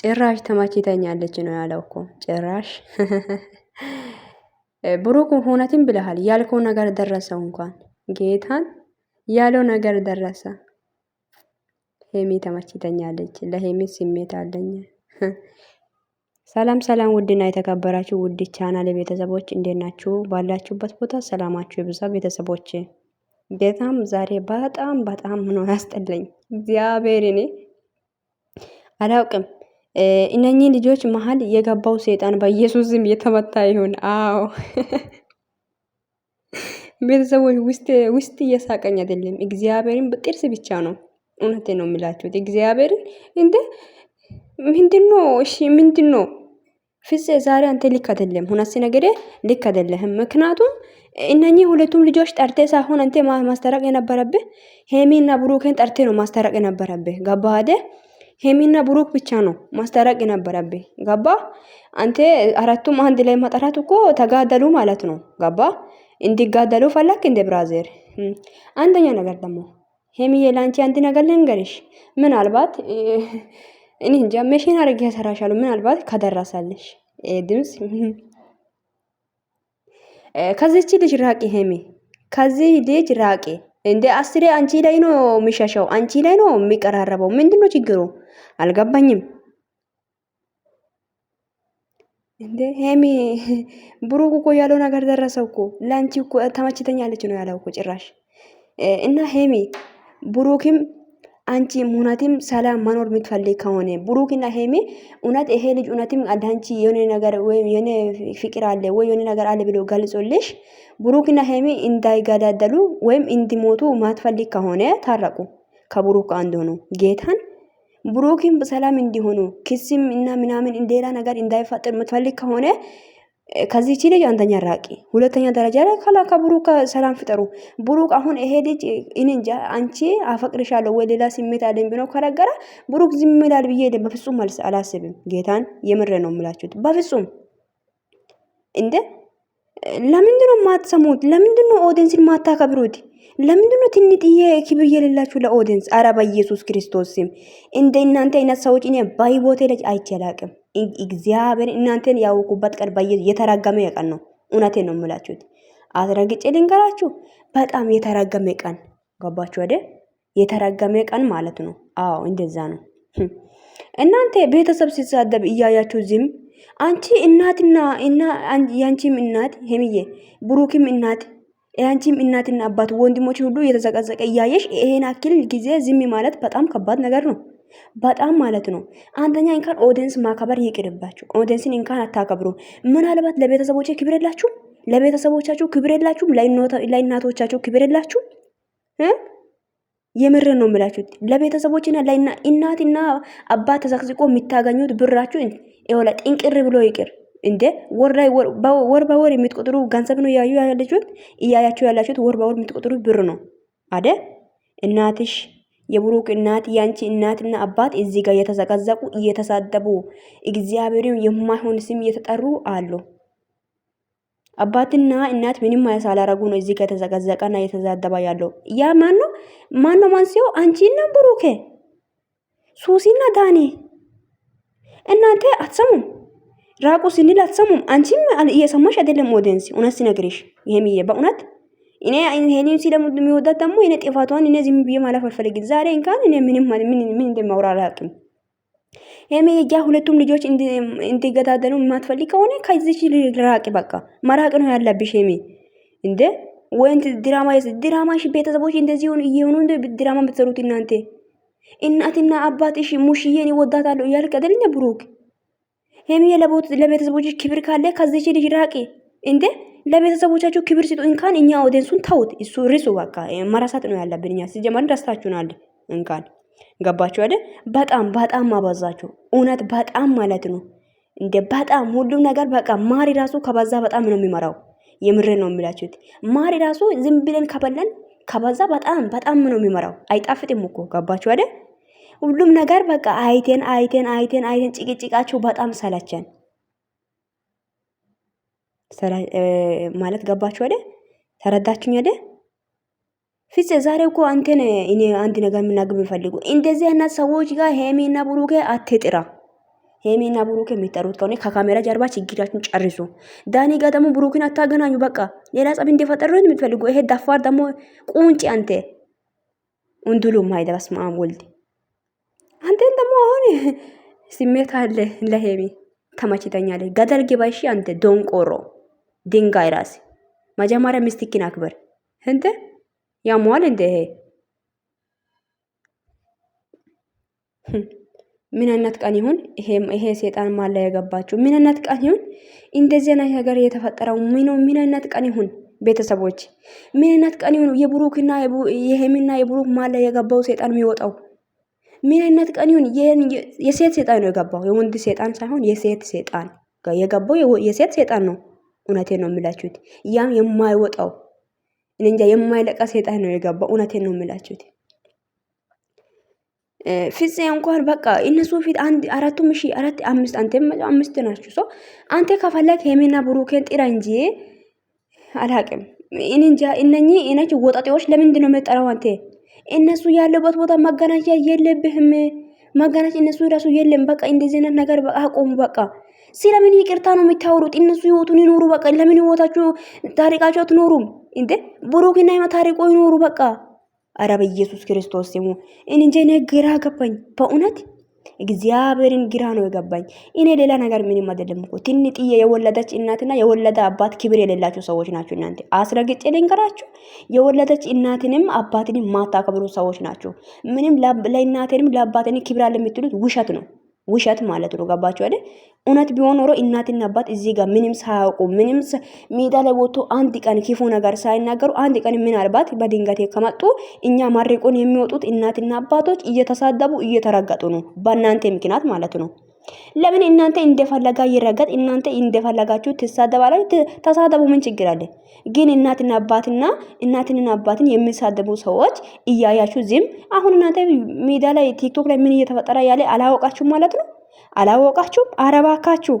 ጭራሽ ተማችተኛለች ነው ያለው እኮ ጭራሽ ብሩክ እውነትም ብለሃል። ያልከው ነገር ደረሰው። እንኳን ጌታን ያለው ነገር ደረሰ። ሄሚ ተመችተኛለች። ለሄሚ ስሜት አለኝ። ሰላም ሰላም! ውድና የተከበራችሁ ውድ ቻናል ቤተሰቦች እንዴት ናችሁ? ባላችሁበት ቦታ ሰላማችሁ ይብዛ ቤተሰቦች ጌታም ዛሬ በጣም በጣም ነው ያስጠለኝ እግዚአብሔር እኔ አላውቅም። እነኚህ ልጆች መሀል የገባው ሰይጣን በኢየሱስም የተመታ ይሁን። አዎ ቤተሰቦች ውስጥ እየሳቀኝ አይደለም፣ እግዚአብሔርን በጥርስ ብቻ ነው። እውነቴ ነው የሚላችሁት እግዚአብሔርን እንደ ምንድኖ ነው? እሺ ምንድን ነው? ፍጽ ዛሬ አንተ ልክ አይደለም፣ ሁናሲ ነገሬ ልክ አይደለህም። ምክንያቱም እነኚህ ሁለቱም ልጆች ጠርቴ ሳይሆን አንተ ማስታረቅ የነበረብህ ሄሜና ብሩኬን ጠርቴ ነው ማስታረቅ የነበረብህ። ገባህ አይደል? ሄሚና ብሩክ ብቻ ነው ማስታረቅ የነበረብህ። ገባ አንተ አራቱም አንድ ላይ ማጠራት እኮ ተጋደሉ ማለት ነው። ገባ እንዲጋደሉ ፈለክ እንደ ብራዘር። አንደኛ ነገር ደግሞ ሄሚዬ ላንቺ አንድ ነገር ልንገርሽ። ምናልባት እኔ እንጃ መሽን አድርጌ ያሰራሻለሁ። ምናልባት ከደረሳለሽ ድምፅ ከዚች ልጅ ራቂ ሄሚ፣ ከዚህ ልጅ ራቂ። እንደ አስሬ አንቺ ላይ ነው የሚሻሻው፣ አንቺ ላይ ነው የሚቀራረበው። ምንድን ነው ችግሩ? አልገባኝም። እንደ ሄሚ ብሩክ እኮ ያለው ነገር ደረሰው እኮ ለአንቺ እኮ ተመችተኛለች ነው ያለው እኮ ጭራሽ። እና ሄሚ ብሩክም አንቺ እውነትም ሰላም መኖር የምትፈልግ ከሆነ ብሩክና ሄሜ እውነት ይሄ ልጅ እውነትም አንቺ የሆነ ነገር ወይም የሆነ ፍቅር አለ ወይ የሆነ ነገር አለ ብሎ ገልጾልሽ ብሩክና ሄሜ እንዳይገዳደሉ ወይም እንዲሞቱ ማትፈልግ ከሆነ ታረቁ። ከብሩክ አንድ ነው ጌታን ብሩክም ሰላም እንዲሆኑ ክስም እና ምናምን ሌላ ነገር እንዳይፈጥር የምትፈልግ ከሆነ ከዚች ልጅ አንደኛ ራቂ። ሁለተኛ ደረጃ ላይ ከላ ከብሩክ ሰላም ፍጠሩ። ብሩክ አሁን ይሄ ልጅ እንንጃ አንቺ አፈቅርሻለሁ ወይ ሌላ ስሜት አለኝ ብሎ ከረገረ ብሩክ ዝም ይላል ብዬ ደ በፍጹም አላስብም። ጌታን የምረ ነው የምላችሁት በፍጹም እንደ ለምንድነው ማትሰሙት? ለምንድነው ኦዲንስን ማታከብሩት? ለምንድነው ትንጥዬ ክብር የሌላችሁ ለኦዲንስ? አረ በኢየሱስ ክርስቶስ ስም እንደ እናንተ አይነት ሰዎች እኔ ባይቦቴ ልጅ አይቼ አላቅም። እግዚአብሔር እናንተን ያወቁበት ቀን የተራገመ ቀን ነው። እውነቴ ነው የምላችሁት። አስረግጬ ልንገራችሁ፣ በጣም የተራገመ ቀን ገባችሁ አይደል? የተራገመ ቀን ማለት ነው። አዎ እንደዛ ነው። እናንተ ቤተሰብ ሲሳደብ እያያችሁ ዝም አንቺ እናትና እና ያንቺም እናት ሄምዬ ብሩክም እናት ያንቺም እናትና አባት ወንድሞች ሁሉ እየተዘቀዘቀ እያየሽ ይሄን አክል ጊዜ ዝም ማለት በጣም ከባድ ነገር ነው። በጣም ማለት ነው። አንደኛ እንኳን ኦዲንስ ማከበር ይቅርባችሁ። ኦዲንስን እንኳን አታከብሩ። ምናልባት ለቤተሰቦች ክብር የላችሁም፣ ለቤተሰቦቻችሁ ክብር የላችሁም፣ ለእናቶቻችሁ ክብር የላችሁም። የምር ነው የምላችሁት። ለቤተሰቦች ለእናትና አባት ተዘቅዝቆ የሚታገኙት ብራችሁ ላ ጥንቅር ብሎ ይቅር እንደ ወር ላይ ወር በወር የምትቆጥሩ ገንዘብ ነው እያዩ ያለችሁት እያያችሁ ያላችሁት ወር በወር የምትቆጥሩ ብር ነው አደ እናትሽ የብሩክ እናት ያንቺ እናትና አባት እዚህ ጋር እየተዘቀዘቁ እየተሳደቡ እግዚአብሔርም የማይሆን ስም እየተጠሩ አሉ። አባትና እናት ምንም ሳላረጉ ነው እዚህ ከተዘቀዘቀና የተዘቀዘቀና የተዛደባ ያለው። ያ ማን ነው? ማን ነው መንስኤው? አንቺና ብሩኬ፣ ሱሲና ዳኒ እናንተ አትሰሙም። ራቁ ስንል አትሰሙም። አንቺም እየሰማሽ አይደለም። ኦዲየንስ እውነት ሲነግርሽ ይሄም ይሄ በእውነት እኔ ይሄን ስለሚወዳት ደግሞ እኔ ጥፋቷን እኔ ዝም ብዬ ማለፍ አልፈልግም። ዛሬ እንኳን እኔ ምንም ምን እንደማውራ አላውቅም። ሄሜያ ሁለቱም ልጆች እንዲገዳደሉ የማትፈልግ ከሆነ ከዚች ራቂ። በቃ መራቅ ነው ያለብሽ ሄሜ። እንደ ወንት ድራማ ድራማሽ ቤተሰቦች እንደዚህ ሆኑ እየሆኑ ድራማ ብትሰሩት እናንተ እናትና አባትሽ ሙሽዬን ይወዳታለሁ እያልክ አይደል ብሩክ? ሄሜያ ለቤተሰቦች ክብር ካለ ከዚች ልጅ ራቂ። እንደ ለቤተሰቦቻችሁ ክብር ስጡ። እንካን እኛ ኦዲየንሱን ታውት እሱ ርሱ። በቃ መራሳት ነው ያለብን እኛ። ሲጀመር ደስታችሁናል እንካን ገባችሁ አይደል? በጣም በጣም አበዛችሁ። እውነት በጣም ማለት ነው እንደ በጣም ሁሉም ነገር በቃ ማሪ ራሱ ከበዛ በጣም ነው የሚመራው። የምሬ ነው የሚላችሁት። ማሪ ራሱ ዝም ብለን ከበለን ከበዛ በጣም በጣም ነው የሚመራው። አይጣፍጥም እኮ ገባችሁ አይደል? ሁሉም ነገር በቃ አይቴን አይቴን አይቴን አይቴን ጭቅጭቃችሁ በጣም ሰለቸን ማለት ገባችሁ አይደል? ተረዳችሁኝ አይደል? ፍፄ ዛሬ እኮ አንተን እኔ አንድ ነገር ምናገር ቢፈልጉ እንደዚህ አይነት ሰዎች ጋር ሄሜና ብሩኬ አትጥራ። ሄሜና ብሩኬ የሚጠሩት ከሆነ ከካሜራ ጀርባ ችግራችን ጨርሱ። ዳኒ ጋር ደግሞ ብሩክን አታገናኙ። በቃ ሌላ ጸብ እንደፈጠሩ የምትፈልጉ ይሄ ደፋር ደግሞ ቁንጭ አንተ እንዱሉ ማይደረስ ማም ወልድ አንተን ደግሞ አሁን ስሜት አለ ለሄሜ ተመችተኛለ። ገደል ግባ እሺ አንተ ዶንቆሮ ድንጋይ ራስ። መጀመሪያ ሚስትክን አክበር እንተ ያሟል እንደ ይሄ ምን አይነት ቀን ይሁን? ይሄም ይሄ ሰይጣን ማለ ያገባችሁ ምን አይነት ቀን ይሁን? እንደዚህ አይነት ነገር የተፈጠረው ምን ምን አይነት ቀን ይሁን? ቤተሰቦች ምን አይነት ቀን ይሁን? የብሩክና የሄሚና የብሩክ ማለ የገባው ሰይጣን የሚወጣው ምን አይነት ቀን ይሁን? የሴት ሰይጣን ነው የገባው፣ የወንድ ሰይጣን ሳይሆን የሴት ሰይጣን የገባው የሴት ሰይጣን ነው። እውነቴ ነው የምላችሁት ያም የማይወጣው እኔ እንጃ የማይለቃ ሴጣን ነው የገባው። እውነቴን ነው የምላችሁት። ፍፄ እንኳን በቃ እነሱ ፊት አንድ አራቱ ምሺ አራት አምስት አንተ አምስት ናችሁ። ሶ አንተ ከፈለክ ሄሜና ብሩኬን ጥራ እንጂ አላቅም። እኔ እንጃ እነኚህ እነች ወጣጤዎች ለምንድን ነው መጠራው? አንተ እነሱ ያለበት ቦታ መገናኛ የለብህም። መገናኛ እነሱ ራሱ የለም። በቃ እንደዚህ አይነት ነገር በቃ አቆሙ በቃ ስለምን ይቅርታ ነው የሚታወሩት? እነሱ ህይወቱን ይኖሩ በቃ። ለምን ህይወታችሁ ታሪቃችሁ አትኖሩም እንዴ? ብሩክና ሃይሚ ታሪቆ ይኖሩ በቃ። አረ በኢየሱስ ክርስቶስ ስሙ እንጂ እኔ ግራ ገባኝ በእውነት እግዚአብሔርን ግራ ነው የገባኝ። እኔ ሌላ ነገር ምንም አይደለም እኮ ጥዬ የወለደች እናትና የወለደ አባት ክብር የሌላቸው ሰዎች ናቸው እናንተ። አስረግጬ ልንገራችሁ የወለደች እናትንም አባትንም ማታከብሩ ሰዎች ናቸው። ምንም ለእናትንም ለአባትንም ክብር አለ የምትሉት ውሸት ነው። ውሸት ማለት ነው። ገባችሁ አይደል? እውነት ቢሆን ኖሮ እናትና አባት እዚህ ጋር ምንም ሳያውቁ ምንም ሜዳ ላይ ወጥቶ አንድ ቀን ክፉ ነገር ሳይናገሩ አንድ ቀን ምናልባት በድንገት ከመጡ እኛ ማሪቆን የሚወጡት እናትና አባቶች እየተሳደቡ እየተረገጡ ነው፣ በእናንተ ምክንያት ማለት ነው። ለምን እናንተ እንደፈለጋ ይረገጥ፣ እናንተ እንደፈለጋችሁ ትሳደባላችሁ። ተሳደቡ፣ ምን ችግር አለ? ግን እናትና አባትና እናትና አባትን የሚሳደቡ ሰዎች እያያችሁ ዝም። አሁን እናንተ ሜዳ ላይ ቲክቶክ ላይ ምን እየተፈጠረ ያለ አላወቃችሁ ማለት ነው። አላወቃችሁ አረባካችሁ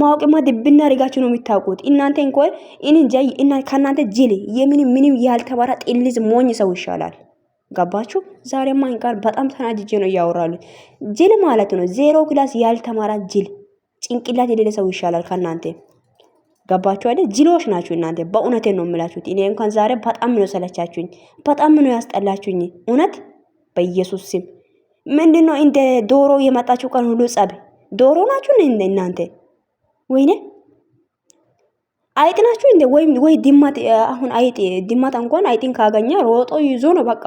ማወቅማ ድብና አድርጋችሁ ነው የሚታውቁት። እናንተ እንኳን እኔ እንጃ ከእናንተ ጅል የምንም ምንም ያልተባራ ጥልዝ ሞኝ ሰው ይሻላል። ገባችሁ? ዛሬ እንቃር በጣም ተናድጄ ነው እያወራሉ። ጅል ማለት ነው ዜሮ ክላስ ያልተማረ ጅል፣ ጭንቅላት የሌለ ሰው ይሻላል ከእናንተ። ገባችሁ አይደል? ጅሎች ናችሁ እናንተ። በእውነቴ ነው የምላችሁት። እኔ እንኳን ዛሬ በጣም ነው ሰለቻችሁኝ፣ በጣም ነው ያስጠላችሁኝ። እውነት በኢየሱስ ስም ምንድነው እንደ ዶሮ የመጣችሁ ቀን ሁሉ ጸብ ዶሮ ናችሁ እናንተ። ወይኔ አይጥ ናቸው እንደ ወይ ወይ ድመት አሁን አይጥ ድመት እንኳን አይጥን ካገኘ ሮጦ ይዞ ነው በቃ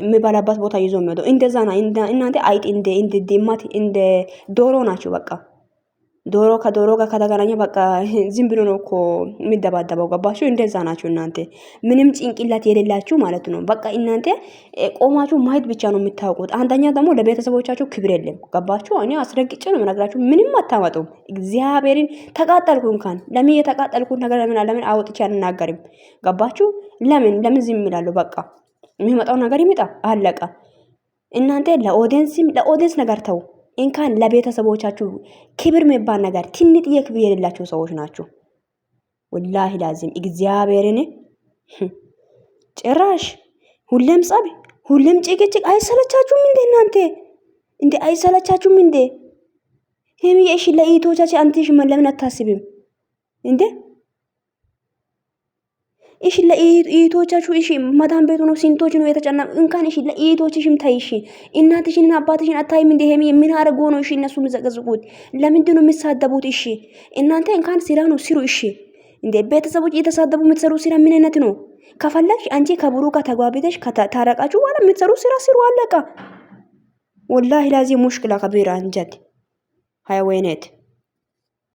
የሚበላበት ቦታ ይዞ የሚሄደው። እንደዛ ና እናንተ አይጥ እንደ ድመት እንደ ዶሮ ናቸው በቃ። ዶሮ ከዶሮ ጋር ከተገናኘ በቃ ዝም ብሎ ነው እኮ የሚደባደበው። ገባችሁ? እንደዛ ናችሁ እናንተ ምንም ጭንቅላት የሌላችሁ ማለት ነው። በቃ እናንተ ቆማችሁ ማየት ብቻ ነው የምታውቁት። አንደኛ ደግሞ ለቤተሰቦቻችሁ ክብር የለም። ገባችሁ? እኔ አስረግጬ ነው የምነግራችሁ። ምንም አታመጡም። እግዚአብሔርን ተቃጠልኩ እንኳን ለምን የተቃጠልኩ ነገር ለምን ለምን አወጥቼ አንናገርም? ገባችሁ? ለምን ለምን ዝም ይላሉ? በቃ የሚመጣው ነገር ይመጣ አለቀ። እናንተ ለኦዲየንስ ለኦዲየንስ ነገር ተው። እንኳን ለቤተሰቦቻችሁ ክብር የሚባል ነገር ትንጥዬ ክብር የሌላችሁ ሰዎች ናችሁ። ወላሂ ላዚም እግዚአብሔርን ጭራሽ ሁሌም ጸብ፣ ሁሌም ጭቅጭቅ አይሰለቻችሁም እንዴ? እናንተ እንዴ አይሰለቻችሁም እንዴ? ይህም የሽ ለኢቶቻችን አንቲሽ ለምን አታስብም እንዴ? እሺ ለኢቶቻችሁ እሺ መዳን ቤቱ ነው። ሲንቶች ነው የተጨናነቁ? እንካን እሺ ለኢቶችሽም ታይ እሺ እናትሽንና አባትሽን አታይም እንዴ? ሄሚ ምን አድርጎ ነው እሺ እነሱ የሚዘቀዝቁት? ለምንድን ነው የሚሳደቡት? እሺ እናንተ እንካን ስራ ነው ሲሩ እሺ እንዴ ቤተሰቦች እየተሳደቡ የምትሰሩ ስራ ምን አይነት ነው? ከፈለግሽ አንቺ ከብሩ ጋር ተጓብተሽ ታረቃችሁ በኋላ የምትሰሩ ስራ ስሩ። አለቃ ወላሂ ላዚ ሙሽክላ ከቢራ እንጀት ሀያ ወይኔት